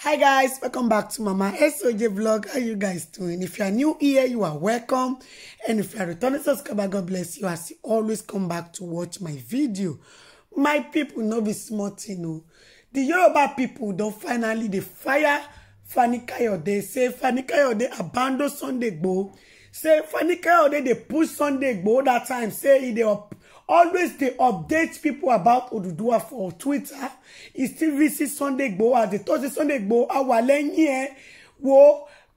hi guys welcome back to mama soj vlog how you guys doing if you are new here you are welcome and if you are returning subscriber god bless you as you always come back to watch my video my people know be small thing o oh. the yoruba people don't. finally dey fire Fani Kayode say Fani Kayode abandon Sunday Igboho say Fani Kayode they push Sunday Igboho that time say they. dey Always they update people about Odudua for Twitter. It's still visit Sunday Bo. as they talk Sunday Bo. Àwa lẹ́yìn ẹ̀ wo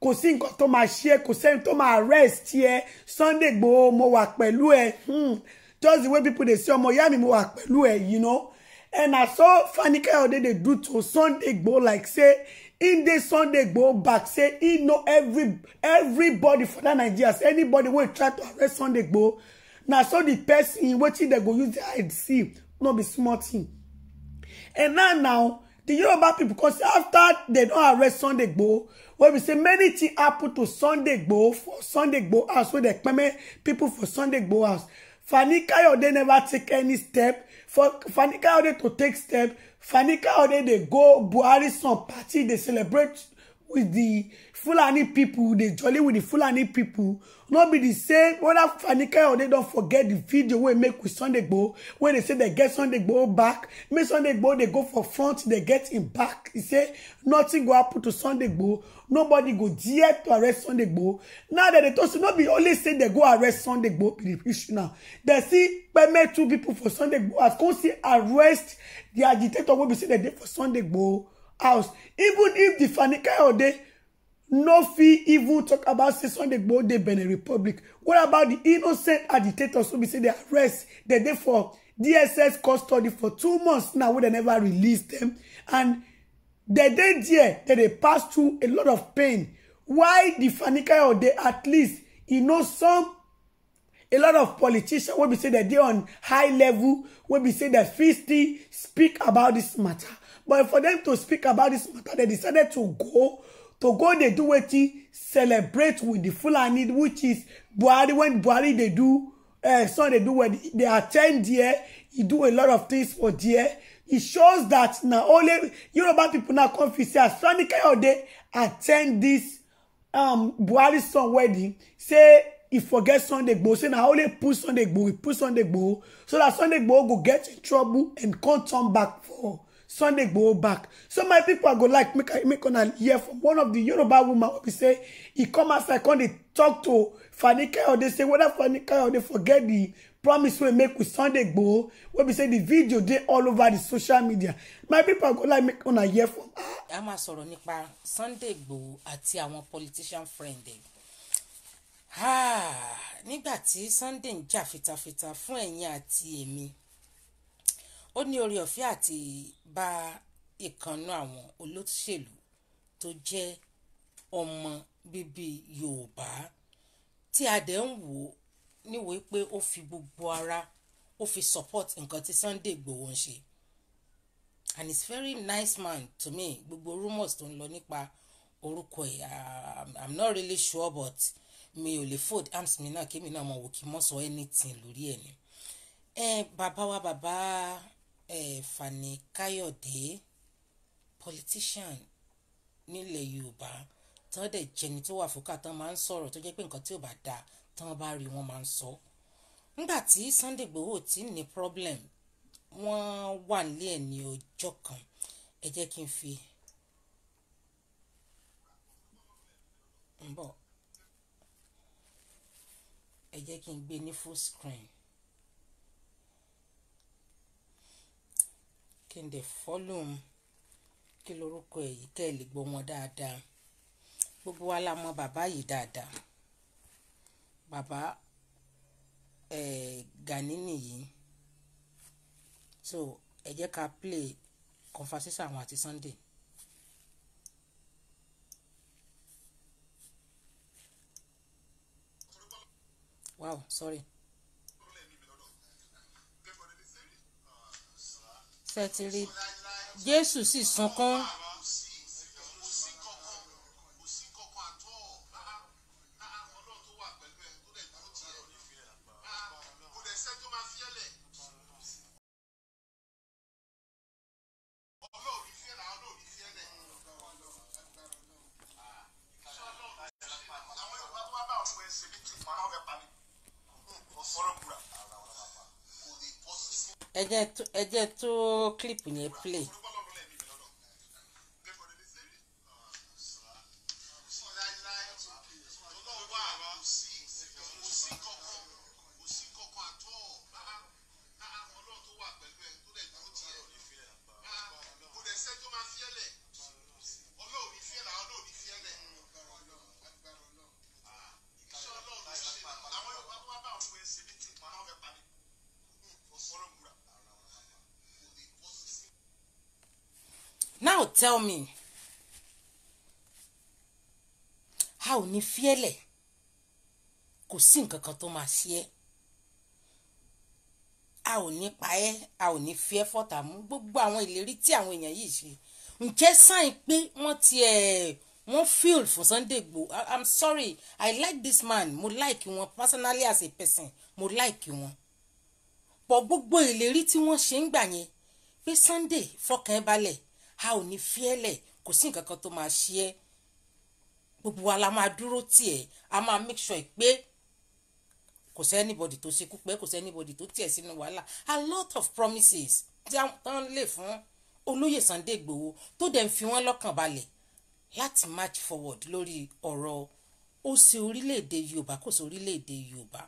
kò to nǹkan tó máa to kò sẹ́ni tó arrest ẹ Sunday Bo, mo Wakpelu. pẹ̀lú ẹ hmm. just the way people they say Mo Yami mo Wakpelu. pẹ̀lú you know and I saw Fani Kayode they do to Sunday Bo like say in dey Sunday Igboho back say he know every everybody for that Nigeria say anybody will try to arrest Sunday Igboho Now, so the person wetin they go use their head, see not be small tin and now now the yoruba people, because after they don't arrest sunday gboo wey be say many tins happen to sunday gboo for sunday gboo house wey dem peme pipo for sunday gboo house fani kayode never take any step for fani kayode to take step fani kayode dey go buhari son party They celebrate with the Fulani people, they jolly with the Fulani people. Not be the same. When I or they don't forget the video we make with Sunday Bo. When they say they get Sunday Bo back, make Sunday Bo they go for front, they get him back. He say nothing go happen to Sunday Bo. Nobody go dare to arrest Sunday Bo. Now that they talk, not be only say they go arrest Sunday Bo. be the issue now. They see permit two people for Sunday Bo As come see arrest the agitator will be say they did for Sunday Bo house even if di fani kayode no fit even talk about on the board, they been a republic what about the innocent agitators who be say dey arrest they there for dss custody for two months now wey they never release them, and dem dey there dem they pass through a lot of pain why the di or kayode at least you know some a lot of politicians wey be say dem dey on high level wey be say dem fit speak about this matter but for them to speak about this matter they decided to go to go dey do wetin celebrate with the full I need, which is buhari when buhari they do eh, son they do when They attend there he do a lot of things for there It shows that now only yoruba people now come feel say as sani kayode attend dis um, buhari son wedding say e forget sunday gboo say now only pull sunday gboo e pull sunday gboo so that sunday gboo go get in trouble and come turn back for sunday go back so my pipo go like make make una hear from one of the yoruba woman wey be say he come outside come dey tok to fanike or they say whether fanike or they forget the promise we make with sunday go We be say the video they all over the social media my pipo go like make una hear from I'm a máa sọ̀rọ̀ sunday go àti our politician friend ẹ̀ ah, nígbà tí sunday ń jà fitafita fún ati àti ó ní oore ọ̀fẹ́ àti bá ìkànnú àwọn olóṣèlú tó jẹ́ ọmọ bíbí Yorùbá tí a dẹ̀ ń wò ó níwèé pé ó fi gbogbo ara ó fi support nǹkan tí Sunday Igboho ń ṣe and he's very nice man to me gbogbo rumors tó ń lọ nípa orúkọ ẹ̀ um, i'm not really sure but mi ò lè fold arms mi náà kémi náà mo wò kí mọ̀ sọ anything lórí ẹ̀ ni. ẹ bàbá wa bàbá eh, Fani Káyọ̀dé politician nílẹ̀ Yorùbá tán dẹ̀ jẹni tó wà fúkà tán máa ń sọ̀rọ̀ tó jẹ́ pé nǹkan tí ò bá dáa tán bá rí wọn máa ń sọ. nígbà tí Sunday Igboho ti ní problem wọ́n wà nílé ẹ̀ ní ọjọ́ kan ẹ jẹ́ kí n fi ẹ jẹ́ kí n gbé ní full screen. kí n dẹ̀ follow wọn kí lorúkọ ẹ̀ yìí kẹ́ ẹ lè gbọ́ wọn dáadáa gbogbo wa la mọ bàbá yìí dáadáa bàbá eh, Gani nìyí so ẹ jẹ́ ká play conversation àwọn àti Sunday. wow sorry. ṣe ti rí Jésù sì sunkún. ẹ jẹ́ tó clip yẹn play. now tell me a ò ní fiẹ́lẹ̀ kò sí nǹkan kan tó máa ṣe ẹ́ a ò ní pa ẹ́ a ò ní fi ẹ́ fọ́tà mú gbogbo àwọn ìlérí tí àwọn èèyàn yìí ṣe ǹjẹ́ sáìn pé wọ́n ti ẹ̀ wọ́n feel fún Sunday Igboho i'm sorry i like this man mo like wọn personally as a person mo like wọn pọ̀ gbogbo ìlérí tí wọ́n ṣe ń gbà yẹn pé Sunday fọkàn ẹ balẹ̀ a ò ní fiẹ́lẹ̀ kò sí nǹkan kan tó máa ṣe ẹ́ gbogbo wa la máa dúró tiẹ̀ a máa make sure pé kò sí anybody tó ṣekú pé kò sí anybody tó tiẹ̀ sínú wàhálà a lot of promises tán lè fún olóyè Sunday Igboho tó dẹ̀ ń fi wọ́n lọ́kàn balẹ̀ láti march forward lórí ọ̀rọ̀ ó ṣe orílẹ̀-èdè Yorùbá kò sí orílẹ̀-èdè Yorùbá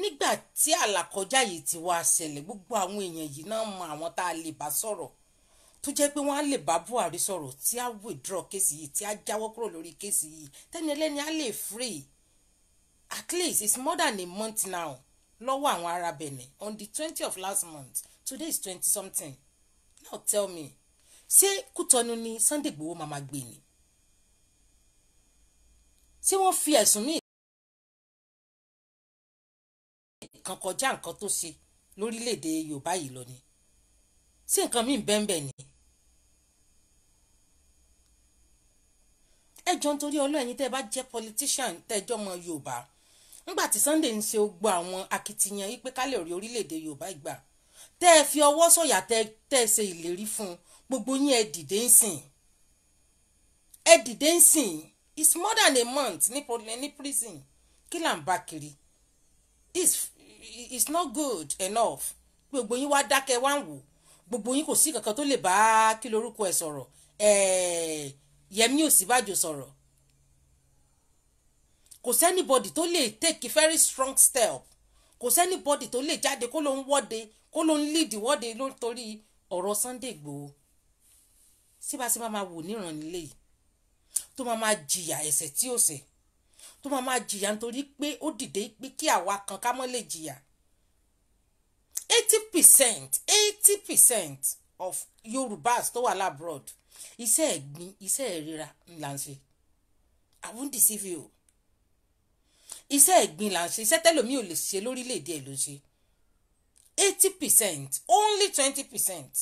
nígbà tí àlàkọjá yìí ti wá ṣẹlẹ̀ gbogbo àwọn èèyàn yìí náà mọ àwọn tá a lè bá sọ̀rọ̀ tó jẹ́ pé wọ́n á lè bá Buhari sọ̀rọ̀ tí á withdraw kéèsì yìí tí á jáwọ́ kúrò lórí kéèsì yìí tẹ́ni ẹlẹ́ni á lè free at least it's more than a month now lọ́wọ́ àwọn ará Benin on the twenty of last month today is twenty something now tell me ṣé Kútọ́nù ni Sunday Igboho màmá gbé ni ṣé wọ́n fi ẹ̀sùn míì kan kọjá nǹkan tó ṣe lórílẹ̀‐èdè Yorùbá yìí lọ ni ṣé nǹkan míì bẹ́ẹ̀ bẹ́ẹ̀ ni jọ nítorí ọlọ́ọ̀yìn tẹ́ ẹ bá jẹ́ politician tẹ́ ẹ jọ mọ yorùbá ńgbà tí Sunday ń ṣe gbọ àwọn akitiyan yìí pé ká lè rí orílẹ̀-èdè yorùbá ìgbà tẹ́ ẹ fi ọwọ́ sọ̀yà tẹ́ ẹ ṣe ìlérí fún gbogbo yín ẹ dìde ń sìn ẹ dìde ń sìn it's more than a month ní prison kí là ń bá kiri this is not good enough gbogbo yín wá dákẹ́ wá ń wò gbogbo yín kò sí kankan tó lè bá kí lorúkọ ẹ sọ̀rọ̀ ẹ̀ẹ́. Yẹmí Ọ̀sínbàjò sọ̀rọ̀ kò sẹ́nibọ́dì tó lè take a very strong step kò sẹ́nibọ́dì tó lè jáde kó ló ń wọ́de kó ló ń lead wọ́de lórí ọ̀rọ̀ Sunday Igboho síbáṣíbá máa wò níran nílé yìí tó máa máa jìyà ẹ̀ṣẹ̀ tí ó ṣẹ̀ tó máa máa jìyà nítorí pé ó dìde pé kí àwa kan ká mọ́ lè jìyà eighty percent eighty percent of Yorùbás tó wà lábroad iṣẹ́ ẹ̀gbin iṣẹ́ ìríra là ń ṣe I won't deceive you iṣẹ́ ẹ̀gbin là ń ṣe iṣẹ́ tẹ́lòmí ò lè ṣe lórílẹ̀‐èdè ẹ̀ ló ṣe eighty percent only twenty percent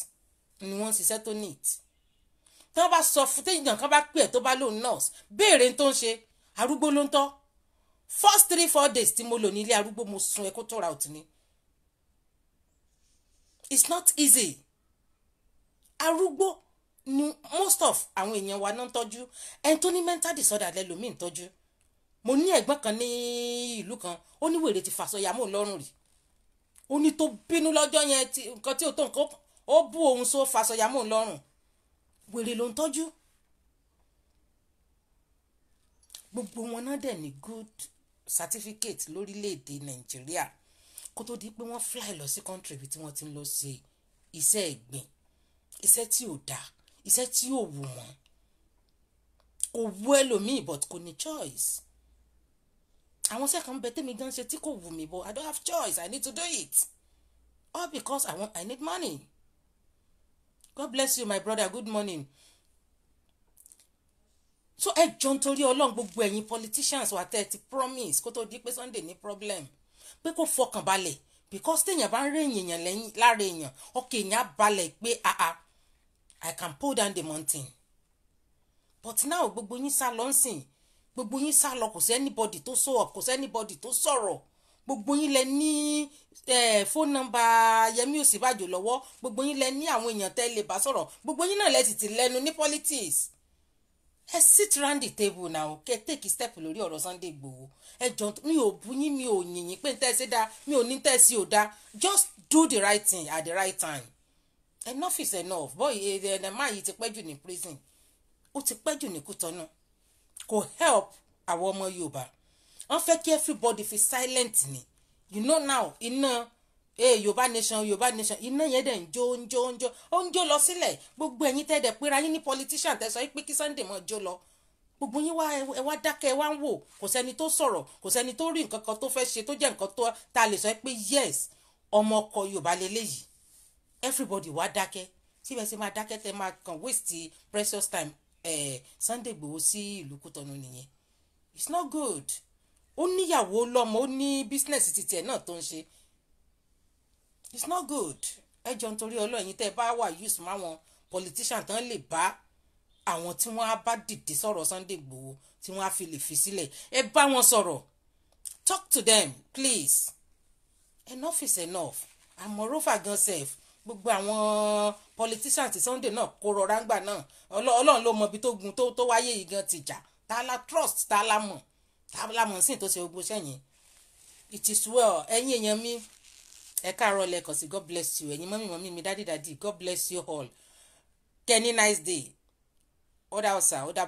ni wọ́n ṣiṣẹ́ tó neat tí wọ́n bá sọ fún téèyàn kan bá pè ẹ́ tó bá lóun nurse béèrè tó ń ṣe arúgbó ló ń tọ́ first three four days tí mo lò ní ilé arúgbó mo sun ẹkún tó ra òtún ni it's not easy arúgbó most of àwọn èèyàn wa náà ń tọ́jú ẹni tó ní mental disorder lẹ́lòmíì ń tọ́jú mo ní ẹ̀gbọ́n kan ní ìlú kan ó ní wèrè ti fàṣọyà mò ń lọ́rùn rì ó ní tó bínú lọ́jọ́ yẹn nǹkan tí ò tó nǹkan ó bú òun so fàṣọyà mò ń lọ́rùn wèrè ló ń tọ́jú gbogbo wọn náà dẹ̀ ní good certificate lórílẹ̀‐èdè nàìjíríà kó tó di pé wọ́n fly lọ sí country ibi tí wọ́n ti ń lọ ṣe iṣẹ́ ẹ̀gbìn iṣẹ́ tí ò dáa iṣẹ́ tí ò wù wọ́n kò wù ẹlòmíì but kò ní choice àwọn iṣẹ́ kan bẹ tẹ́mi gan ṣe tí kò wù mí but I don't have choice I need to do it all because I want I need money God bless you my brother good morning so ẹ jọ nítorí ọlọ́run gbogbo ẹ̀yin politicians wa tẹ́ ẹ ti promise kó tó di pé Sunday ní problem pé kó fọkàn balẹ̀ because téèyàn bá ń rí èèyàn lẹ́yìn lára èèyàn ọkàn èèyàn á balẹ̀ pé ah ah I can pull down the mountain but now gbogbo yín sá lọ nsìn gbogbo yín sá lọ kò sí anybody to show up kò sí anybody tó sọ̀rọ̀ gbogbo yín lẹ ní fóònù nọ́mbà Yẹmí Ọ̀sínbàjò lọ́wọ́ gbogbo yín lẹ ní àwọn èèyàn tẹ́ lè bá sọ̀rọ̀ gbogbo yín náà lẹ sì ti lẹ́nu ní politics ẹ sit round the table now kẹ take a step lórí ọ̀rọ̀ Sunday Igboho ẹ jọ mi ò bú yín mi ò yìnyín pé ń tẹ́ ṣe dáa mi ò ní tẹ́ ṣe ò dáa just do the right thing at the right time enough is enough boy ẹ̀ẹ́dẹ̀ẹ̀dẹ̀má eh, yìí ti pẹ́ jù ní prison ó ti pẹ́ jù ní kútọ́nù kò help àwọn ọmọ yorùbá wọ́n fẹ́ kí everybody fi silent ni you know now iná eh, yorùbá nation yorùbá nation iná yẹn dẹ̀ ń jó ń jó ń jó ó ń jó lọ sílẹ̀ gbogbo ẹ̀yin tẹ́ dẹ̀ pera yín ní politician tẹ́ sọ pé kí sunday mọ̀ jó lọ gbogbo yín wá ẹ wá dákẹ́ ẹ wá ń wò kò sẹ́ni tó sọ̀rọ̀ kò sẹ́ni tó rí nǹkan kan tó fẹ́ ṣe tó jẹ́ nǹkan tó ta lè sọ pé yes ọmọ ọkọ yorùbá lélẹ́yìí everybody wá dákẹ́ síbẹ̀ sí máa dákẹ́ tẹ́ máa kàn waste precious time eh, Sunday Igboho sí ìlú Kútọ́nù nìyẹn it's not good ó níyàwó lọ́mọ ó ní business títí ẹ̀ náà tó ń ṣe it's not good ẹ jọ nítorí ọlọ́yin tẹ́ ẹ bá wà use máwọn politician tán lè bá àwọn tí wọ́n á bá dìde sọ̀rọ̀ Sunday Igboho tí wọ́n á fi lè fi sílẹ̀ ẹ bá wọn sọ̀rọ̀ talk to them please enough is enough I'm moreover gan sef gbogbo àwọn politicians ti Sunday náà kó rọra ń gbà náà ọlọ́run ló mọ ibi tó gun tó wáyé yìí gan ti jà tá la trust tá a la mọ̀ tá a la mọ̀ sí tó ṣe gbogbo sẹ́yìn it is well ẹ̀yin èèyàn mi ẹ káàárọ̀ lẹ́ẹ̀kan sí God bless you ẹ̀yin mọ́mí mọ́mí mi dádì dádì God bless you all kẹ́ni nice day ó dá ọ̀sà ó